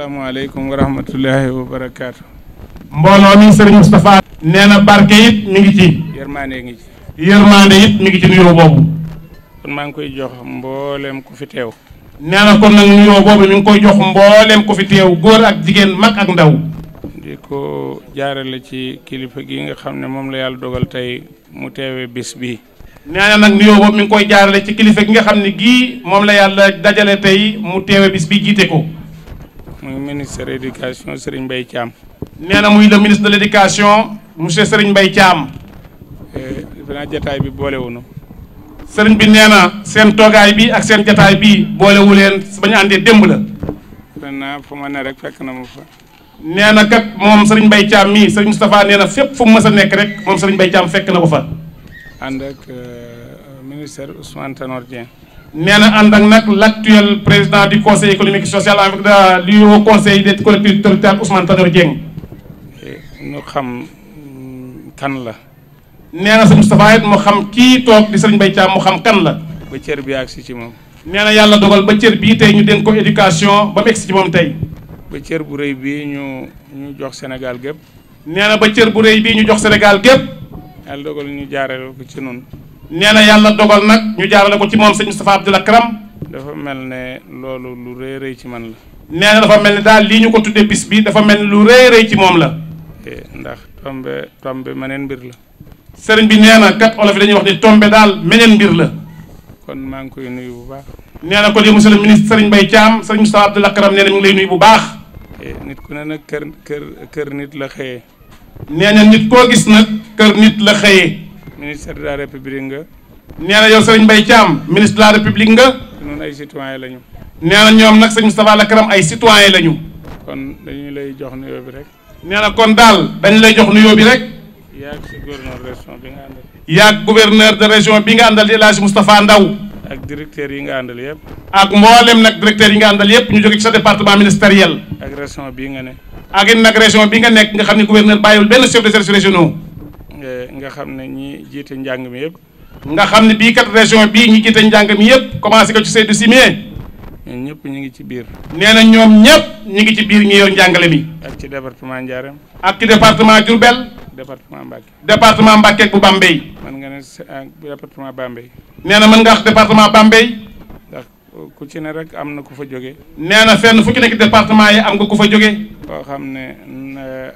asalaamaaleykum wa rahmatullahi wa barakaatu. mbooloo mi sëriñ Moustapha. nee na barke it mi ngi ci. yërmande ngi ci. mi ngi ci nuyoo boobu. kon maa ngi koy jox mbooleem ku fi teew. kon nag nuyoo koy jox mbooleem ku fi teew góor ak jigéen mag ak ndaw. di ko jaarale ci kilifa gi nga xam ne moom la yàlla dogal tey mu teewee bis bi nee na nag nuyoo boobu mi ngi koy jaarale ci kilifa gi nga xam ne gii moom la yàlla dajale tey mu teewe bis bi jiite ko muy ministre éducation Serigne Mbaye Thiam. nee na muy le ministre de l' éducation monsieur Serigne Mbaye Thiam. Eh, dinaa jataay bi boolewuñu. sëriñ bi nee na seen toogaay bi ak seen jataay bi boolewu leen ba ñu àndee démb la. nee na fu ma ne rek fekk na ma fa. nee na kat moom sëriñ bay caam mii sëriñ Moustapha nee na fépp fu mu mës a nekk rek moom sëriñ Mbaye Thiam fekk na ko fa. ànd ak eh, ministère Ousmane Tanor Dieng. nee na ànd ak nag l' actuel président du conseil économique social avec le haut conseil des collectivités territoriales Ousmane Tanor Dieng. ñu xam kan la. nee na sa Moustapha it mu xam kii toog di Serigne Mbaye Thiam mu xam kan la. ba cër bi agsi ci moom. nee na yàlla dogal ba cër bii tey ñu dénk ko éducation ba mu egsi ci moom tey. ba cër bu rëy bii ñu ñu jox Sénégal gépp nee na ba cër bu rëy bii ñu jox Sénégal gépp. yàlla dogal ñu jaarale ko ci noonu. nee na yàlla dogal nag ñu jaarale ko ci moom sëñ Moustapha Abdoul Akram dafa mel ne loolu lu rëy rëy ci man la. nee dafa mel ne daal lii ñu ko tuddee bis bi dafa mel ne lu rëy rëy ci moom la. ndax tombe tombe meneen mbir la. sëriñ bi nee na kat olof yi dañuy wax ni tombe daal meneen mbir la. kon maa ngi koy nuyu bu baax. nee na ko di monsieur le ministre Serigne Mbaye Thiam Serigne Moustapha Abdoul Akram nee na mi ngi lay nuyu bu baax. nit ku ne nag kër kër nit la xëye nee nit koo gis nag nit la xëyee. ministre de la république nga. nee na yow Serigne mbay Thiam ministre de la république nga. noonu ay citoyen lañu. na ñoom nag sëñ Moustapha Lakaram ay citoyen lañu. kon dañu lay jox nuyoo bi rek. nee na kon daal dañu lay jox nuyoo bi rek. yaag si gouverneur région bi nga àndal. yaag gouverneur de bi nga àndal di El Hadj Moustapha Ndaw ak directeur yi nga àndal yëpp. ak mboolem nag directeur yi nga àndal yëpp ñu jóge ci sa département ministériel. ak région nga ne. ak nag région bi nga nekk nga xam ne gouverneur bàyyiwul nga xam ne ñi jiite njàng mi yëpp. nga xam ne bii kat région bii ñi jiite njàng mi yëpp commencé ko ci Seydou Simé. ñoom ñëpp ñu ngi ci biir. nee na ñoom ñëpp ñu ngi ci biir ñi yor njàngale mi. ak ci département Ndiarème. ak ci département Diourbel. département Mbacké. département Mbacké bu Bambey. man nga ne département Bambey. nee na mën nga département Bambey. ndax ku ci ne rek am na ku fa jóge. nee na fenn fu ci nekk département yi am nga ku fa jóge. koo xam ne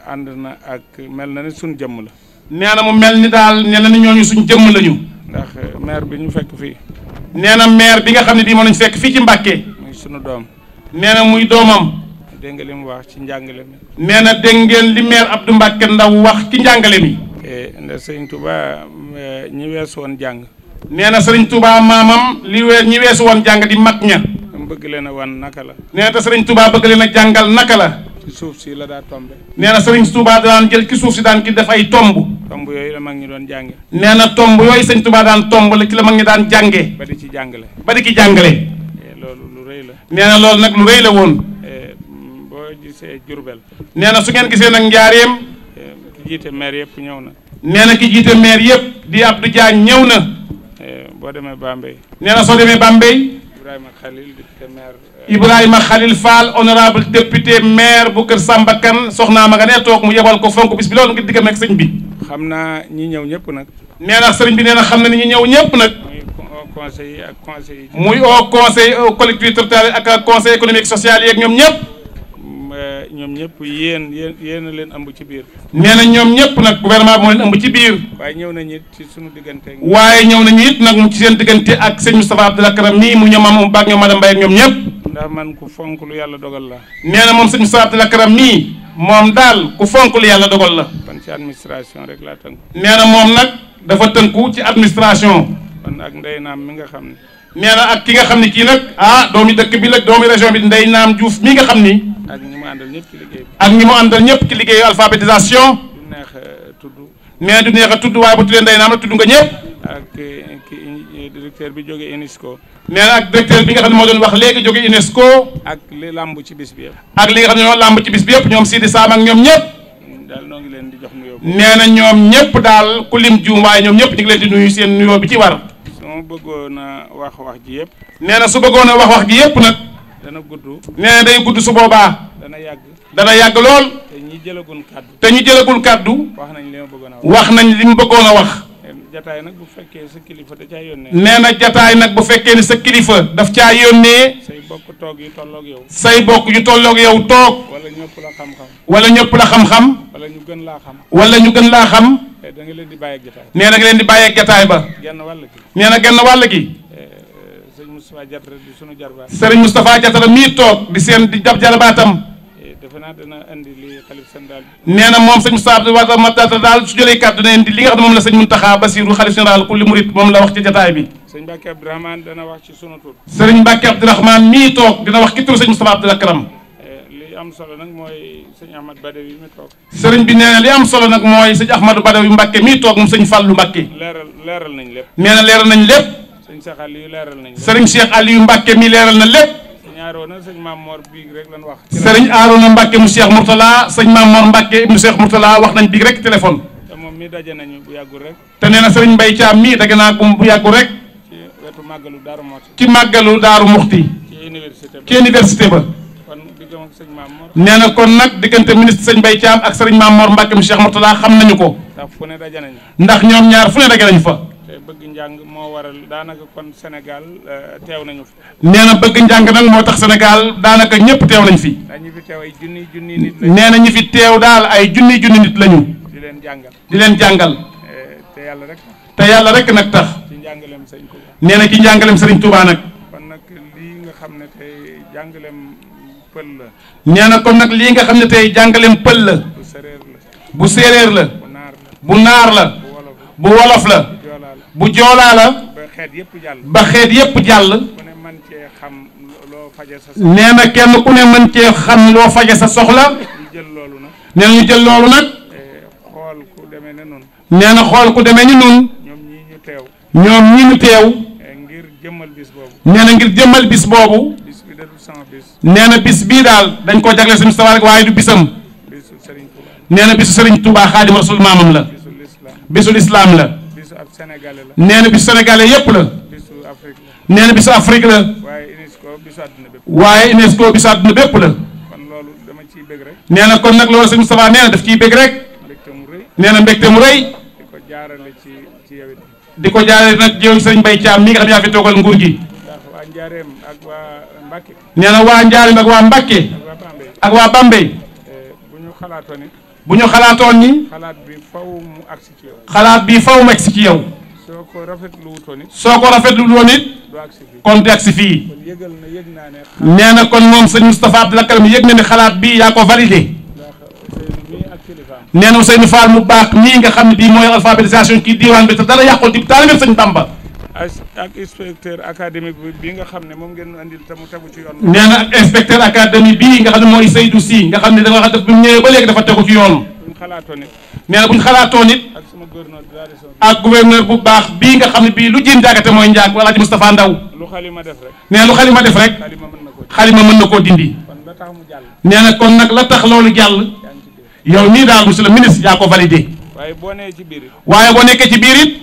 ànd na ak mel na ne suñu jëmm nee na mu mel ni daal nee na ni ñooñu suñ jëmm lañu. ndax eh, maire bi ñu fekk fii. nee na maire bi nga xam ne bii moom lañu fekk fii ci Mbàkke. muy sunu doom. nee na muy doomam. dégg nga li mu wax ci njàngale mi. nee dégg ngeen li maire Abdou Mbàkke Ndaw wax ci njàngale mi. Eh, ndax sëriñ Touba eh, ñi weesu woon jàng. nee na sëriñ Touba maamam li wee ñi weesu woon jàng di mag ña. bëgg leen a wan naka la. nee te sëriñ Touba bëgg leen a jàngal naka la. ci suuf si la daa tombe. nee na sëriñ Touba daan jël ci suuf si daan ki def ay tomb. tomb yooyu la mag ñi doon jànge nee na tomb yooyu sëñ Tuubaa daan tomb la ci la mag ñi daan jànge ba di ci jàngale ba di ki jàngale eh, loolu lu la nee na loolu nag lu rëy la woon eh, boo gisee Jurbel nee na su ngeen gisee nag njaareem eh, ki jiite maire yëpp ñëw na nee na ki jiite maire yëpp di Abdou Diagne ñëw na boo demee Bambey nee na soo demee Bambey Ibrahima Khalil député maire Ibrahima Khalil Fall honorable député maire bu Kër Samba Kane soxnaa ma nga nee toog mu yebal ko fonk bis bi loolu ngir diggam ak xam naa ñi ñëw ñëpp nag. nee na sëriñ bi nee na xam na ni ñi ñëw ñëpp nag. Euh, conseil ak conseil. muy au conseil au collectivité territoriale ak conseil économique social yeeg ñoom ñëpp. Euh, ñoom ñëpp yéen yéen yéen leen ëmb ci biir. nee na ñoom ñëpp nag gouvernement bi moo leen ëmb ci biir. waaye ñëw nañu it ci sunu diggante ak. waaye ñëw nañu it nag mu ci seen diggante ak sëñ Moustapha Abdoulaye Karam nii mu ñoom am baag ñoom madame Mbaye ak ñoom ñëpp. ndax man ku fonk lu yàlla dogal la. nee na moom sëñ Moustapha Abdoulaye Karam nii moom daal ku fonk lu yàlla dogal la. ci administration rek laa tënku. nee na moom nag dafa tënku ci administration. kon ak ndey naam mi nga xam ne. nee na ak ki nga xam ne kii nag ah doomi dëkk bi nag doomi région bi nday naam Diouf mi nga xam ni. ak ñi mu àndal ñëpp ci liggéey ak ñëpp ci liggéeyu alphabétisation. du neex a tudd. nee du neex a tudd waaye bu leen ndey naam la tudd nga ñëpp. ak ki bi jógee UNESCO. nee na ak directeur bi nga xam ne moo doon wax léegi jógee UNESCO. ak li làmb ci bis bi yëpp. ak li nga xam ne ñoo làmb bi yëpp ñoom Sidi saam ak ñoom ñëpp. nee na ñoom ñëpp daal ku lim juum waaye ñoom ñëpp ñu leen di nuyu seen nuyoo bi ci war. su ma bëggoon a wax wax ji yëpp. nee na su bëggoon a wax wax ji yëpp nag. dana gudd. nee na day gudd su boobaa. dana yàgg. dana yàgg lool. te ñu jëlagul kàddu. te ñi jëlagul kàddu. wax nañ li ma bëggoon wax. wax nañ li mu bëggoon a wax. jataay nag bu fekkee sa kilifa da caa yónnee. nee na jataay nag bu fekkee ni sa kilifa daf caa yónnee. bokk toog yu tolloog yow. say bokk yu tolloog yow toog. wala ñëpp la xam-xam. wala ñëpp la xam-xam. wala ñu gën laa xam. wala ñu gën laa xam. Eh, da nga leen di bàyyi ak jataay. na nga leen di bàyyi ak ba. genn wàll na genn wàll gi. Eh, eh, sëriñ Moustapha Diatara di sunu jarbaat. sëriñ Moustapha Diatara mii toog di seen di jab jarbaatam. defe naa dana andi li xalif général. nee na moom sëñ Moustapha Diatara daal su jëlee moom la xalif général ku murit moom la wax ci jataay bi sëñ Mbacke Abdourahmane dana wax ci sunu tur. sëriñ Mbacke Abdourahmane mii toog dina wax ki tur sëñ Moustapha eh, am solo nag mooy sëñ Ahmad Badawi mi toog. sëriñ bi nee li am solo nag mooy sëñ Ahmadu yu Mbacke mii toog moom sëñ Fallou Mbacke. leeral leeral nañ lépp. nee na leeral nañ lépp. sëñ Cheikh Aliou leeral nañ lépp. sëriñ Cheikh Aliou Mbacke mii leeral na lépp. sëñ Aroona sëñ Maam Mor biig rek lañ wax. sëriñ Aroona Mbacke mu Cheikh Mourtala sëñ Maam Mor Mbacke mu Cheikh Mourtala wax nañ biig rek téléphone. te moom mii daje nañu bu yàggul rek. te nee na sëriñ Mbaye Thiam mii daje naa bu yàggul rek ci màggalu daaru muxti ci màggalu daaru muxti ci université ba nee na kon nag diggante ministre sëñ Mbaye Thiam ak sëriñ Maam Mor Mbàkke mu Cheikh Mourtala xam nañu ko ndax ñoom ñaar fu ne daje nañ fa bëgg njàng moo waral daanaka kon Sénégal euh, teew nañu fi. nee na bëgg njàng nag moo tax Sénégal daanaka ñëpp teew nañ fi. ñi fi teew ay junni na ñi fi teew daal ay junni junni nit lañu. di leen jàngal di leen jàngal. Eh, yàlla rek. te yàlla rek nag tax. nee na ci jàngalem Serigne Touba nag. kon nag lii nga xam ne tey jàngaleem pël la. nee na nag lii nga xam ne tey jàngaleem pël la. bu la. bu séeréer la. naar la. bu wolof la. bu joolaa la. ba xeet yëpp jàll. ba xeet yëpp jàll. nee na kenn ku ne mën cee xam loo faje sa soxla. jël loolu nag. Eh, nee na xool ku demee ni nun. ñoom ñi ñu teew. ngir jëmmal bis boobu. nee na ngir jëmmal bis boobu. nee na bis bii daal dañ koo jagle suñu sawaar rek waaye du bisam. nee na bisu Serigne Touba Xaadimu Rasul maamam la. bisu lislaam la. nee na bisu sénégalais yépp la. nee na bisu Afrique la. waaye UNESCO bisu àdduna bépp la. nee na kon nag loolu sëñ Moustapha nee na daf ciy bëgg rek. nee na mbégte mu rëy. di ko ci ci di ko jaaree nag jéew sëñ Mbaye Thiam mi nga xam yaa fi toogal nguur gi. nee na waa Njaareem ak waa Mbacke. ak waa Bambey. bu ñu xalaatooni bu ñu xalaatoon ni. xalaat bi faw mu agsi ci faw mu ci yow. soo ko rafetlu wutoon it. soo ko rafetlu wutoon it. kon du agsi fii. nee na kon moom sëñ Moustapha Abdoulaye Karam yëg na ni xalaat bi yaa ko validé. nee na Ousseynou Fall mu baax mii nga xam ne bii mooy alphabétisation ci diwaan bi te ak inspecteur académique bi nga xam ne moom ngeen andil te mu tegu yoon. nee na ak inspecteur académique bii nga xam ne mooy Seydou Sy nga xam ne dafa def bu mu ba léegi dafa tegu ci yoon. buñ xalaatoon it. nee na buñ ak sama gouverneur de la bu baax bii nga xam ne bii lu jéem jaagate mooy njaag wala ji Moustapha Ndaw. lu xalima def rek. nee na lu xalima def rek. xalima mën na koo dindi. kon la tax mu jàll. kon nag la tax loolu jàll yow nii daal monsieur le ministre yaa ko validé waaye boo nekkee ci biir it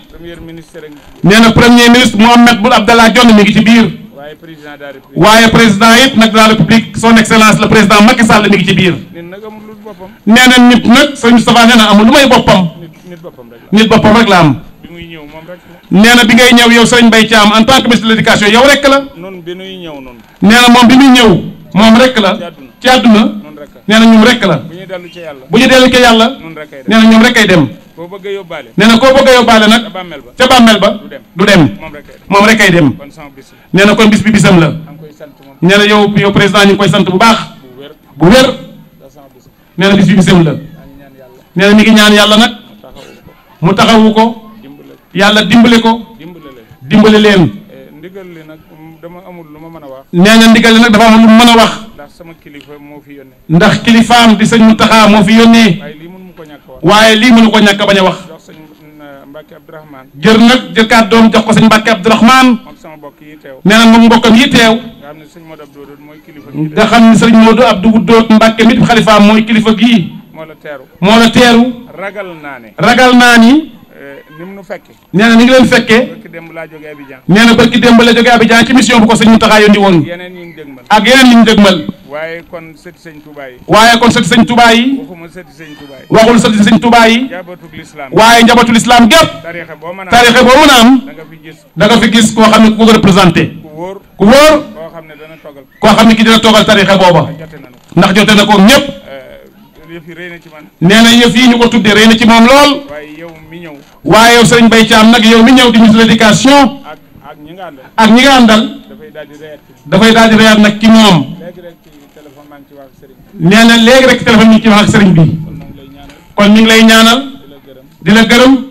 nee na premier ministre Mohamed Boun Abdallah Dionne mi ngi ci biir waaye président it nag de la république son excellence le président Macky Sall mi ngi ci biir nee na nit nag sëñ Moustapha nee na amul lu may boppam nit boppam rek la am nee na bi ngay ñëw yow sëñ Mbaye Thiam en tant que ministre de l'éducation yow rek la nee na moom bi muy ñëw moom rek la ci àdduna nee na ñum rek la bu ñu dellu ca yàlla bu ñu dellu ca yàlla nee na ñoom rek ay dem koo bëgg a yóbbaale nee na koo bëgg a yóbbaale nag ca bàmmeel ba du dem moom rek ay dem nee na kon bis bi bisam la nee na yow yow président ñu ngi koy sant bu baax bu wér nee na bis bi bisam la nee na mi ngi ñaan yàlla nag mu taxawu ko yàlla dimbale ko dimbale leen ndigal li nag um, dama amul lu a wax. nee na ndigal li nag dafa amul lu mën a wax. ndax kilifa moo fi yónnee. ndax kilifaam di sëñ Mountakha moo fi yónnee. waaye lii mënu ko ñàkk a wax. waaye lii ko ñàkk a bañ a wax. jox sëñ uh, Mbacke Abdourahmane. jër nag jël doom jox ko sëñ Mbacke Abdourahmane. moom sama mbokk yi teew. nee na moom mbokkam yi teew. nga xam ne sëñ Modou Abdou Doot mooy kilifa gi. nga xam ne sëñ Modou Abdou Doot Mbacke mi xalifaam mooy kilifa gii. moo la teeru. moo la teeru. ragal naa ne. ragal naa ni Eh, ni mu nu fekkee. nee na ni ngi leen fekkee. barki démb laa jógee la jógee Abidjan ci mission bu ko sëñ Mountakha yónni woon. ak yeneen yi ñu dëgmal. waaye kon sëti sëñ Touba waaye kon sëti sëñ Touba waaye njabootul islam gépp. tariixa boo mën a am tariixa boo a am. da nga fi gis koo xam ne ku ko représenté. ku wóor koo xam ne dana toogal. koo xam ndax jote na ko ñëpp nee na yëf yi ñu ko tuddee rëy na ci moom lool waaye yow sëriñ Mbaye Thiam nag yow mi ñëw di ñu dédication ak ñi nga àndal dafay daal di reyaat nag ki moom nee na léegi rek téléphone mi ngi ci wax ak sëriñ bi kon ñu ngi lay ñaanal di la gërëm.